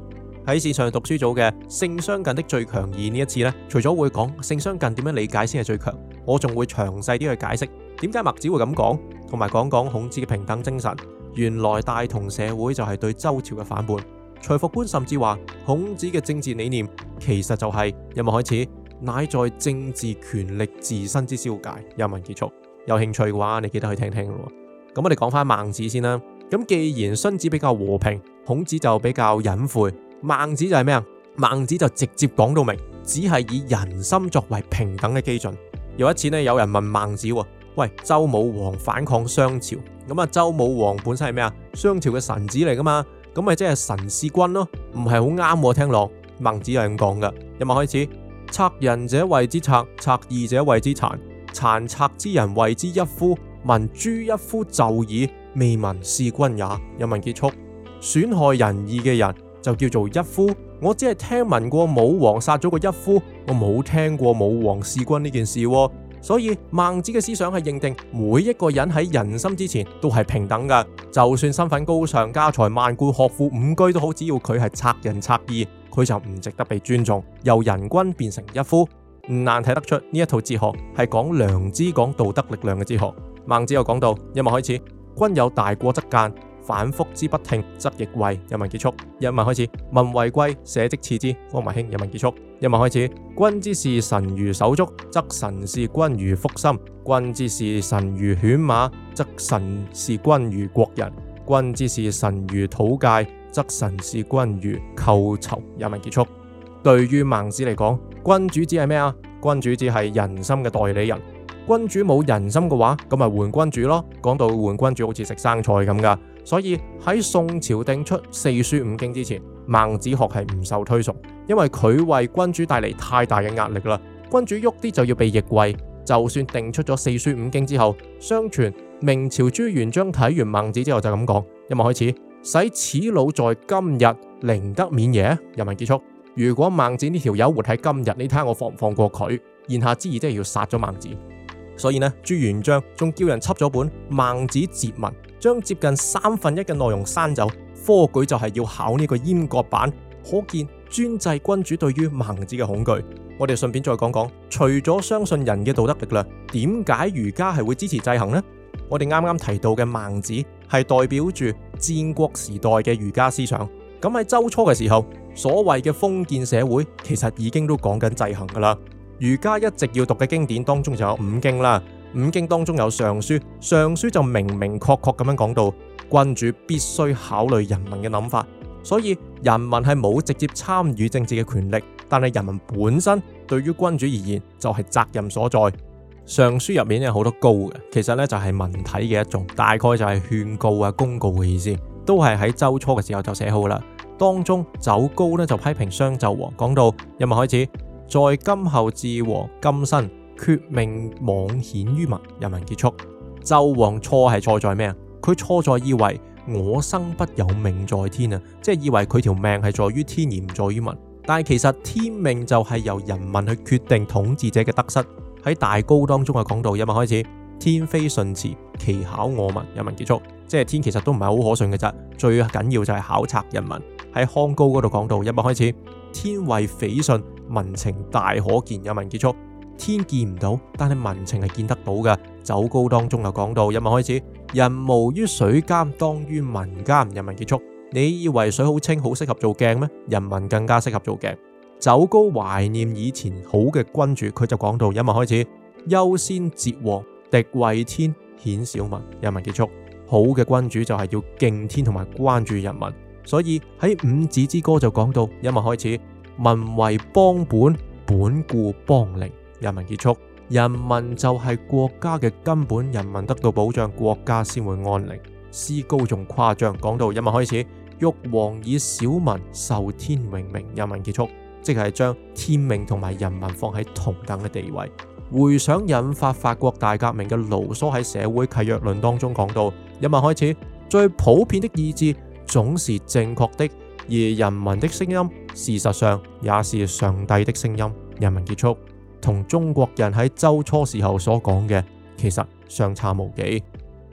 喺線上讀書組嘅性相近的最強義呢一次咧，除咗會講性相近點樣理解先係最強，我仲會詳細啲去解釋點解墨子會咁講，同埋講講孔子嘅平等精神。原來大同社會就係對周朝嘅反叛。徐復觀甚至話孔子嘅政治理念其實就係、是、引文開始。乃在政治權力自身之消解。引文結束，有興趣嘅話，你記得去聽聽咯。咁我哋講翻孟子先啦。咁既然荀子比較和平，孔子就比較隱晦，孟子就係咩啊？孟子就直接講到明，只係以人心作為平等嘅基準。有一次呢，有人問孟子：喂，周武王反抗商朝，咁啊，周武王本身係咩啊？商朝嘅臣子嚟噶嘛？咁咪即係臣弒君咯，唔係好啱喎。聽落孟子係咁講嘅。引文開始。賊仁者謂之賊，賊義者謂之殘，殘賊之人謂之一夫。聞誅一夫就矣，未聞弒君也。有文結束。損害仁義嘅人，人就叫做一夫。我只係聽聞過武王殺咗個一夫，我冇聽過武王弒君呢件事，啊。所以孟子嘅思想係認定每一個人喺人心之前都係平等嘅，就算身份高尚、家財萬貫、學富五車都好，只要佢係賊仁賊義、賊義。佢就唔值得被尊重，由人君變成一夫，唔難睇得出呢一套哲學係講良知、講道德力量嘅哲學。孟子又講到：一問開始，君有大過則諫，反復之不聽則易位；一問結束，一問開始，民為貴，社稷次之，君為輕；一問結束，一問開始，君之視臣如手足，則臣視君如腹心；君之視臣如犬馬，則臣視君如國人；君之視臣如土芥。則臣視君如寇仇，引文結束。對於孟子嚟講，君主只係咩啊？君主只係人心嘅代理人。君主冇人心嘅話，咁咪換君主咯。講到換君主，好似食生菜咁噶。所以喺宋朝定出四書五經之前，孟子學係唔受推崇，因為佢為君主帶嚟太大嘅壓力啦。君主喐啲就要被易位，就算定出咗四書五經之後，相傳明朝朱元璋睇完孟子之後就咁講：，引文開始。使此老在今日寧得免耶？人民結束。如果孟子呢條友活喺今日，你睇下我放唔放過佢？言下之意，即係要殺咗孟子。所以呢，朱元璋仲叫人輯咗本《孟子節文》，將接近三分一嘅內容刪走。科舉就係要考呢個閹割版，可見專制君主對於孟子嘅恐懼。我哋順便再講講，除咗相信人嘅道德力量，點解儒家係會支持制衡呢？我哋啱啱提到嘅孟子，係代表住戰國時代嘅儒家思想。咁喺周初嘅時候，所謂嘅封建社會，其實已經都講緊制衡噶啦。儒家一直要讀嘅經典當中就有五經啦。五經當中有《尚書》，《尚書》就明明確確咁樣講到，君主必須考慮人民嘅諗法。所以人民係冇直接參與政治嘅權力，但係人民本身對於君主而言就係責任所在。尚書入面有好多誥嘅。其實咧就係文體嘅一種，大概就係勸告啊、公告嘅意思，都係喺周初嘅時候就寫好啦。當中酒誥呢就批評商紂王，講到：，人民開始在今後嗣王，酣身厥命罔顯于民。人民結束，紂王錯係錯在咩啊？佢錯在以為我生不有命在天啊，即係以為佢條命係在於天而唔在於民。但係其實天命就係由人民去決定統治者嘅得失。喺大高當中啊講到，一文開始，天非信詞，其考我民。一文結束，即係天其實都唔係好可信嘅咋，最緊要就係考察人民。喺康高嗰度講到，一文開始，天為匪信，民情大可見。一文結束，天見唔到，但係民情係見得到嘅。走高當中又講到，一文開始，人無於水監，當於民監。一文結束，你以為水好清好適合做鏡咩？人民更加適合做鏡。酒誥懷念以前好嘅君主，佢就講到：，引文開始，優先哲王迪畏天顯小民。引文結束，好嘅君主就係要敬天同埋關注人民。所以喺五子之歌就講到：，引文開始，民為邦本，本固邦寧。引文結束，人民就係國家嘅根本，人民得到保障，國家先會安寧。詩高仲誇張講到：，引文開始，欲王以小民受天永明。引文結束。即係將天命同埋人民放喺同等嘅地位。回想引發法國大革命嘅盧梭喺《社會契約論》當中講到：，人民開始最普遍的意志總是正確的，而人民的聲音，事實上也是上帝的聲音。人民結束同中國人喺周初時候所講嘅，其實相差無幾。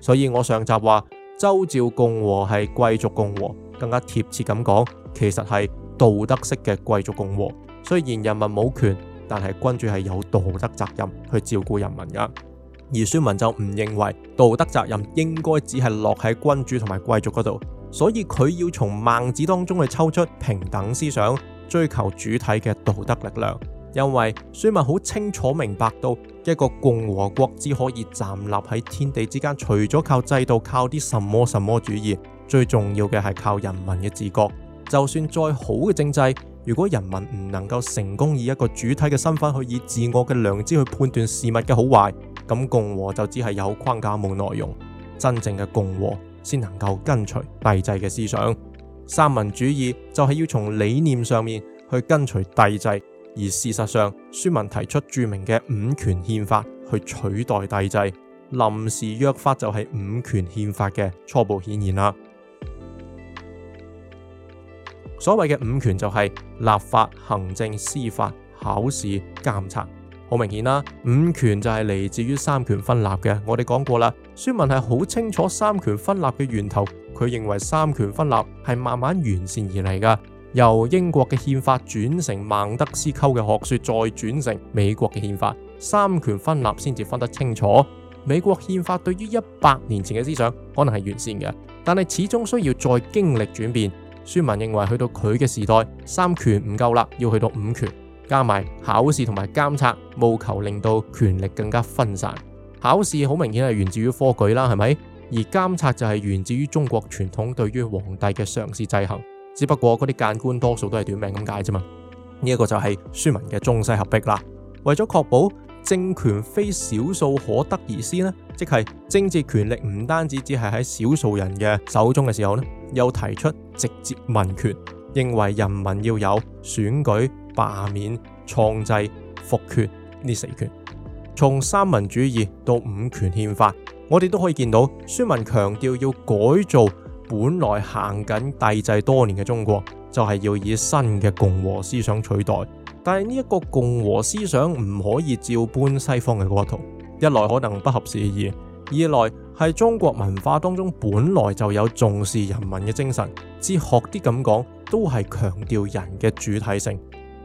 所以我上集話周朝共和係貴族共和，更加貼切咁講，其實係。道德式嘅貴族共和，雖然人民冇權，但係君主係有道德責任去照顧人民噶。而孫文就唔認為道德責任應該只係落喺君主同埋貴族嗰度，所以佢要從孟子當中去抽出平等思想，追求主體嘅道德力量。因為孫文好清楚明白到一個共和國只可以站立喺天地之間，除咗靠制度，靠啲什麼什麼主義，最重要嘅係靠人民嘅自覺。就算再好嘅政制，如果人民唔能夠成功以一個主體嘅身份去以自我嘅良知去判斷事物嘅好壞，咁共和就只係有框架冇內容。真正嘅共和先能夠根除帝制嘅思想，三民主義就係要從理念上面去根除帝制，而事實上，孫文提出著名嘅五權憲法去取代帝制，臨時約法就係五權憲法嘅初步顯現啦。所謂嘅五權就係立法、行政、司法、考試、監察，好明顯啦。五權就係嚟自於三權分立嘅。我哋講過啦，孫文係好清楚三權分立嘅源頭。佢認為三權分立係慢慢完善而嚟噶，由英國嘅憲法轉成孟德斯鳩嘅學說，再轉成美國嘅憲法，三權分立先至分得清楚。美國憲法對於一百年前嘅思想可能係完善嘅，但係始終需要再經歷轉變。孫文認為，去到佢嘅時代，三權唔夠啦，要去到五權，加埋考試同埋監察，務求令到權力更加分散。考試好明顯係源自於科舉啦，係咪？而監察就係源自於中國傳統對於皇帝嘅嘗試制衡，只不過嗰啲諫官多數都係短命咁解啫嘛。呢一個就係孫文嘅中西合璧啦。為咗確保政權非少數可得而私呢，即係政治權力唔單止只係喺少數人嘅手中嘅時候呢，又提出直接民權，認為人民要有選舉、罷免、創制、複決呢四權。從三民主義到五權憲法，我哋都可以見到，孫文強調要改造本來行緊帝制多年嘅中國，就係、是、要以新嘅共和思想取代。但係呢一個共和思想唔可以照搬西方嘅國圖，一來可能不合時宜。二來係中國文化當中本來就有重視人民嘅精神，只學啲咁講都係強調人嘅主體性。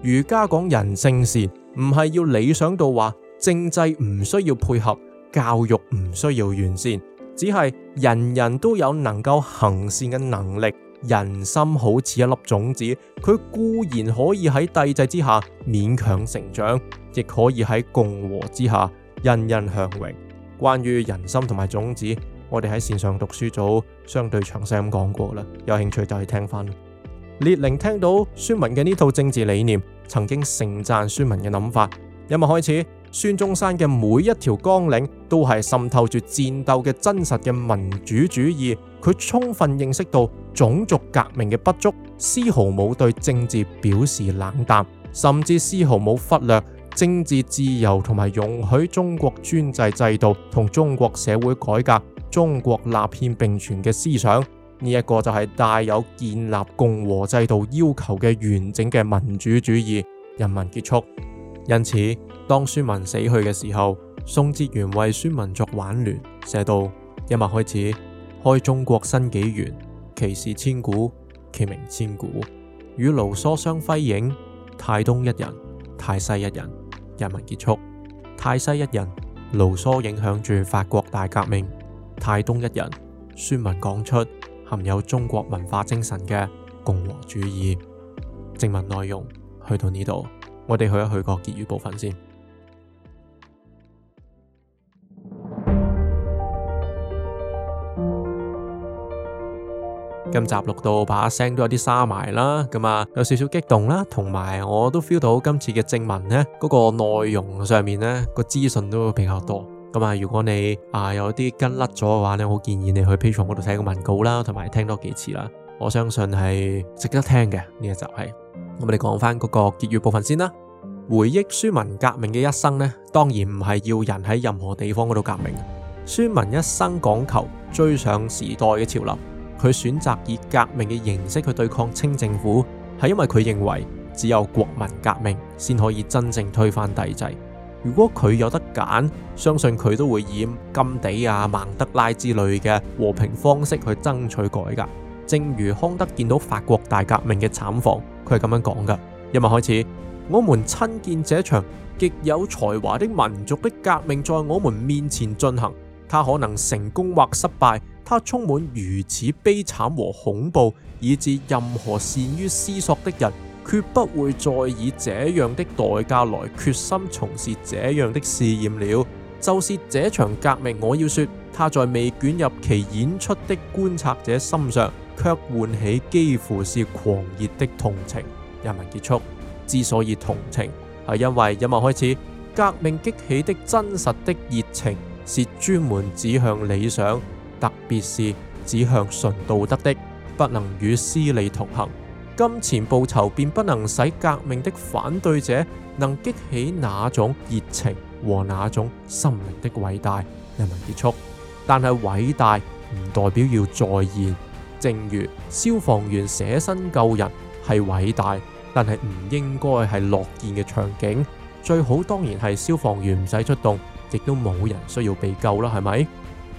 儒家講人性善，唔係要理想到話政制唔需要配合，教育唔需要完善，只係人人都有能夠行善嘅能力。人心好似一粒種子，佢固然可以喺帝制之下勉強成長，亦可以喺共和之下欣欣向榮。關於人心同埋種子，我哋喺綫上讀書組相對詳細咁講過啦。有興趣就去聽翻。列寧聽到孫文嘅呢套政治理念，曾經盛讚孫文嘅諗法。因為開始，孫中山嘅每一條綱領都係滲透住戰鬥嘅真實嘅民主主義。佢充分認識到種族革命嘅不足，絲毫冇對政治表示冷淡，甚至絲毫冇忽略。政治自由同埋容許中國專制制度同中國社會改革、中國立憲並存嘅思想，呢、這、一個就係帶有建立共和制度要求嘅完整嘅民主主義。人民結束。因此，當孫文死去嘅時候，宋哲元為孫文作挽聯，寫道：一物開始開中國新紀元，其事千古，其名千古，與盧梭相輝映。太東一人，太西一人。人民結束，泰西一人，盧梭影響住法國大革命，泰東一人，孫文講出含有中國文化精神嘅共和主義。正文內容，去到呢度，我哋去一去個結語部分先。今集錄到把聲都有啲沙埋啦，咁啊有少少激動啦，同埋我都 feel 到今次嘅正文呢嗰、嗰個內容上面呢、嗰個資訊都比較多。咁啊，如果你啊、呃、有啲跟甩咗嘅話呢，我建議你去 Patreon 嗰度睇個文稿啦，同埋聽多幾次啦，我相信係值得聽嘅呢一集係。我哋講翻嗰個結語部分先啦，回憶孫文革命嘅一生呢，當然唔係要人喺任何地方嗰度革命，孫文一生講求追上時代嘅潮流。佢選擇以革命嘅形式去對抗清政府，係因為佢認為只有國民革命先可以真正推翻帝制。如果佢有得揀，相信佢都會以甘地啊、曼德拉之類嘅和平方式去爭取改革。正如康德見到法國大革命嘅慘況，佢係咁樣講噶：因為開始，我們親見這場極有才華的民族的革命在我們面前進行，它可能成功或失敗。他充滿如此悲慘和恐怖，以致任何善於思索的人決不會再以這樣的代價來決心從事這樣的試驗了。就是這場革命，我要說，他在未捲入其演出的觀察者身上，却喚起幾乎是狂熱的同情。人民結束之所以同情，係因為人民開始革命激起的真實的熱情是專門指向理想。特別是指向純道德的，不能與私利同行。金錢報酬便不能使革命的反對者能激起那種熱情和那種心靈的偉大。人民結束。但係偉大唔代表要再現。正如消防員捨身救人係偉大，但係唔應該係樂見嘅場景。最好當然係消防員唔使出動，亦都冇人需要被救啦，係咪？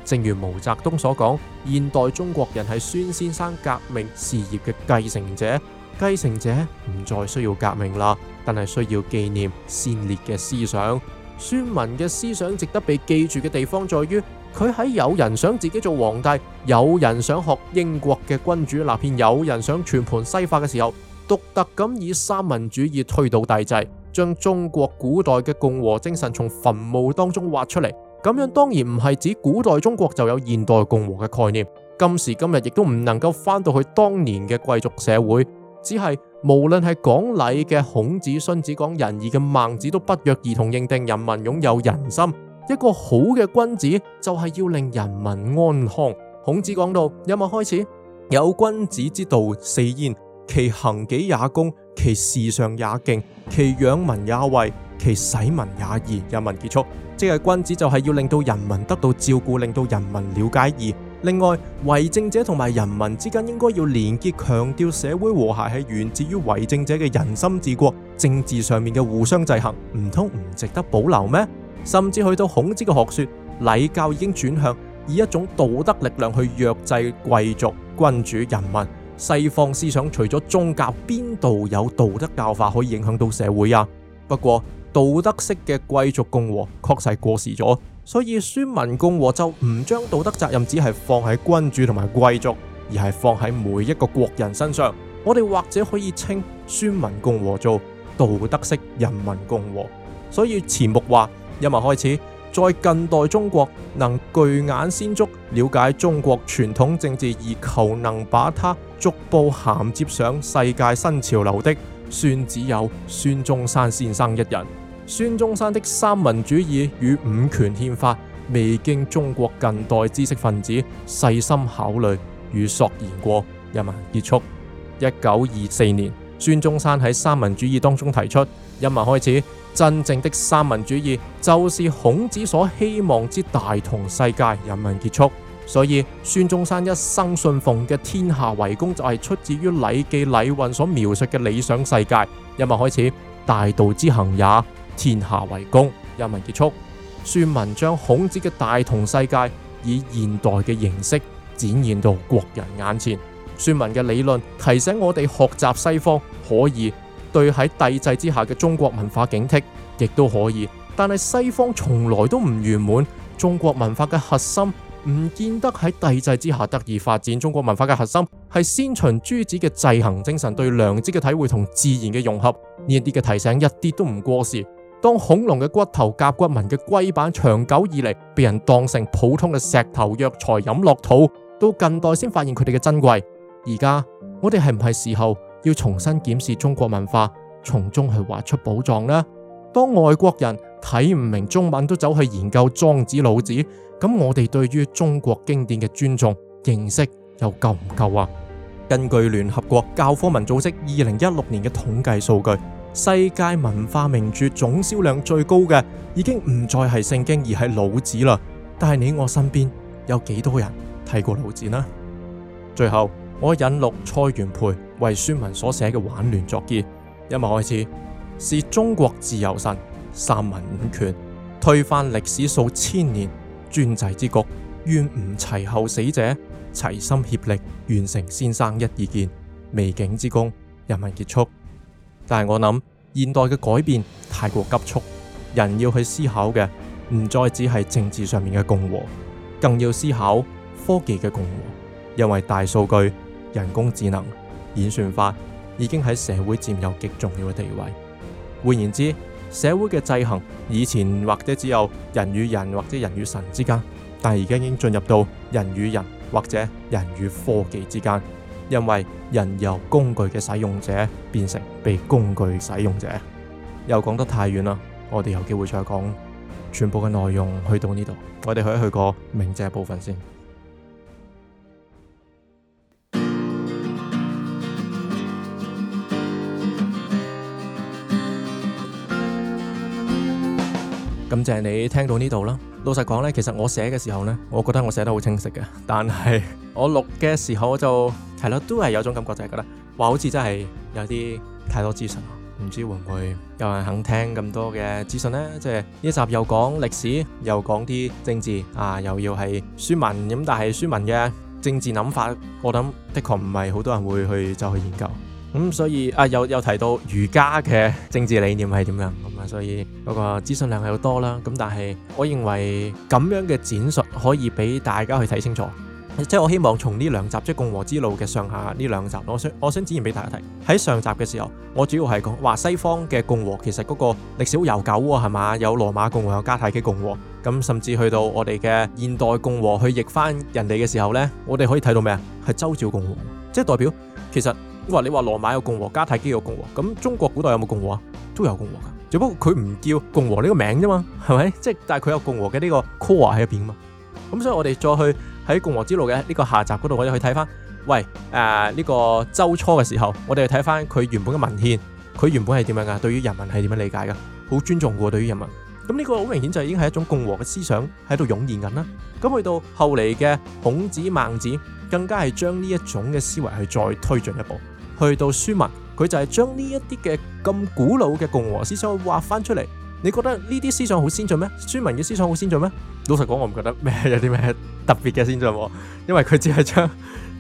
正如毛澤東所講，現代中國人係孫先生革命事業嘅繼承者，繼承者唔再需要革命啦，但係需要紀念先烈嘅思想。孫文嘅思想值得被記住嘅地方在於，在於佢喺有人想自己做皇帝，有人想學英國嘅君主立憲，有人想全盤西化嘅時候，獨特咁以三民主義推倒帝制，將中國古代嘅共和精神從墳墓當中挖出嚟。咁樣當然唔係指古代中國就有現代共和嘅概念，今時今日亦都唔能夠返到去當年嘅貴族社會，只係無論係講禮嘅孔子、荀子講仁義嘅孟子，都不約而同認定人民擁有人心，一個好嘅君子就係要令人民安康。孔子講到：子謂子產，有君子之道四焉，其行己也恭，其事上也敬，其養民也惠。其使民也義，人民結束，即係君子就係要令到人民得到照顧，令到人民了解義。另外，為政者同埋人民之間應該要連結，強調社會和諧係源自於為政者嘅人心治國，政治上面嘅互相制衡，唔通唔值得保留咩？甚至去到孔子嘅學說，禮教已經轉向以一種道德力量去弱制貴族、君主、人民。西方思想除咗宗教，邊度有道德教化可以影響到社會啊？不過。道德式嘅貴族共和確實係過時咗，所以孫文共和就唔將道德責任只係放喺君主同埋貴族，而係放喺每一個國人身上。我哋或者可以稱孫文共和做道德式人民共和。所以錢穆話：因為開始，在近代中國能巨眼先覺了解中國傳統政治而求能把它逐步銜接上世界新潮流的，孫只有孫中山先生一人。孫中山的三民主義與五權憲法未經中國近代知識分子細心考慮與索言過。引文結束。一九二四年，孫中山喺三民主義當中提出，引文開始，真正的三民主義就是孔子所希望之大同世界。引文結束。所以孫中山一生信奉嘅天下為公就係出自於《禮記》《禮運》所描述嘅理想世界。引文開始，大道之行也。天下為公，一文結束。孫文將孔子嘅大同世界以現代嘅形式展現到國人眼前。孫文嘅理論提醒我哋學習西方可以對喺帝制之下嘅中國文化警惕，亦都可以。但係西方從來都唔圓滿，中國文化嘅核心唔見得喺帝制之下得以發展。中國文化嘅核心係先秦諸子嘅制衡精神、對良知嘅體會同自然嘅融合，呢一啲嘅提醒一啲都唔過時。當恐龍嘅骨頭、甲骨文嘅龜板長久以嚟，被人當成普通嘅石頭、藥材飲落肚，到近代先發現佢哋嘅珍貴。而家我哋係唔係時候要重新檢視中國文化，從中去挖出寶藏呢？當外國人睇唔明中文都走去研究莊子、老子，咁我哋對於中國經典嘅尊重、認識又夠唔夠啊？根據聯合國教科文組織二零一六年嘅統計數據。世界文化名著總銷量最高嘅已經唔再係聖經，而係老子啦。但係你我身邊有幾多人睇過老子呢？最後我引錄蔡元培為孫文所寫嘅挽聯作結：一文開始，是中國自由神，三民五權，推翻歷史數千年專制之局，願吾儕後死者齊心協力，完成先生一二件未竟之功。一文結束。但係我諗，現代嘅改變太過急促，人要去思考嘅唔再只係政治上面嘅共和，更要思考科技嘅共和，因為大數據、人工智能、演算法已經喺社會佔有極重要嘅地位。換言之，社會嘅制衡以前或者只有人與人或者人與神之間，但係而家已經進入到人與人或者人與科技之間。因為人由工具嘅使用者變成被工具使用者，又講得太遠啦。我哋有機會再講全部嘅內容，去到呢度，我哋去一去個鳴謝部分先。感謝你聽到呢度啦。老實講呢，其實我寫嘅時候呢，我覺得我寫得好清晰嘅。但係我錄嘅時候我就係啦，都係有種感覺，就係覺得話好似真係有啲太多資訊，唔知會唔會有人肯聽咁多嘅資訊呢？即係呢集又講歷史，又講啲政治啊，又要係孫文咁，但係孫文嘅政治諗法，我諗的確唔係好多人會去就去研究。咁、嗯、所以啊，又又提到儒家嘅政治理念係點樣咁啊，所以嗰個資訊量係好多啦。咁但係我認為咁樣嘅展述可以俾大家去睇清楚，即係我希望從呢兩集即係共和之路嘅上下呢兩集，我想我想展現俾大家睇。喺上集嘅時候，我主要係講話西方嘅共和，其實嗰個歷史好悠久啊，係嘛，有羅馬共和，有迦太基共和，咁甚至去到我哋嘅現代共和去譯翻人哋嘅時候咧，我哋可以睇到咩啊？係周朝共和，即係代表其實。話你話羅馬有共和，迦太基有共和，咁中國古代有冇共和啊？都有共和噶，只不過佢唔叫共和呢個名啫嘛，係咪？即係但係佢有共和嘅呢個 core 喺入邊嘛。咁、嗯、所以我哋再去喺共和之路嘅呢個下集嗰度，我哋去睇翻，喂誒呢、呃這個周初嘅時候，我哋去睇翻佢原本嘅文獻，佢原本係點樣噶？對於人民係點樣理解噶？好尊重噶，對於人民。咁、嗯、呢、這個好明顯就已經係一種共和嘅思想喺度湧現緊啦。咁、嗯、去到後嚟嘅孔子孟子,孟子，更加係將呢一種嘅思維去再推進一步。去到孫文，佢就係將呢一啲嘅咁古老嘅共和思想畫翻出嚟。你覺得呢啲思想好先進咩？孫文嘅思想好先進咩？老實講，我唔覺得咩有啲咩特別嘅先進喎，因為佢只係將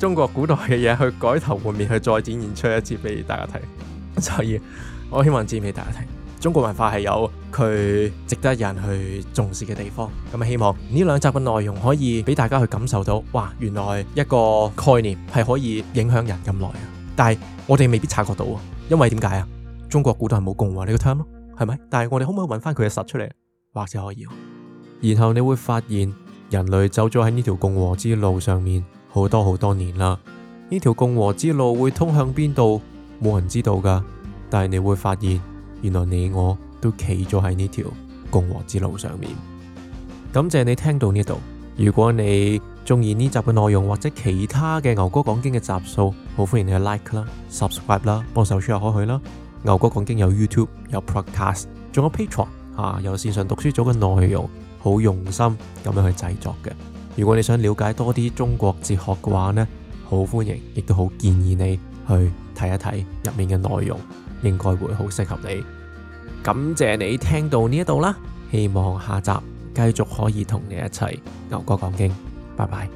中國古代嘅嘢去改頭換面，去再展現出一次俾大家睇。所以我希望展示俾大家睇，中國文化係有佢值得人去重視嘅地方。咁希望呢兩集嘅內容可以俾大家去感受到，哇！原來一個概念係可以影響人咁耐啊！但係我哋未必察覺到啊，因為點解啊？中國古代冇共和，你聽咯，係咪？但係我哋可唔可以揾翻佢嘅實出嚟？或者可以。然後你會發現人類走咗喺呢條共和之路上面好多好多年啦。呢條共和之路會通向邊度？冇人知道噶。但係你會發現原來你我都企咗喺呢條共和之路上面。感謝你聽到呢度。如果你中意呢集嘅內容，或者其他嘅牛哥講經嘅集數。好歡迎你嘅 like 啦，subscribe 啦，幫手 share 可去啦。牛哥講經有 YouTube，有 podcast，仲有 Patreon，有、啊、線上讀書組嘅內容，好用心咁樣去製作嘅。如果你想了解多啲中國哲學嘅話呢，好歡迎，亦都好建議你去睇一睇入面嘅內容，應該會好適合你。感謝你聽到呢一度啦，希望下集繼續可以同你一齊牛哥講經，拜拜。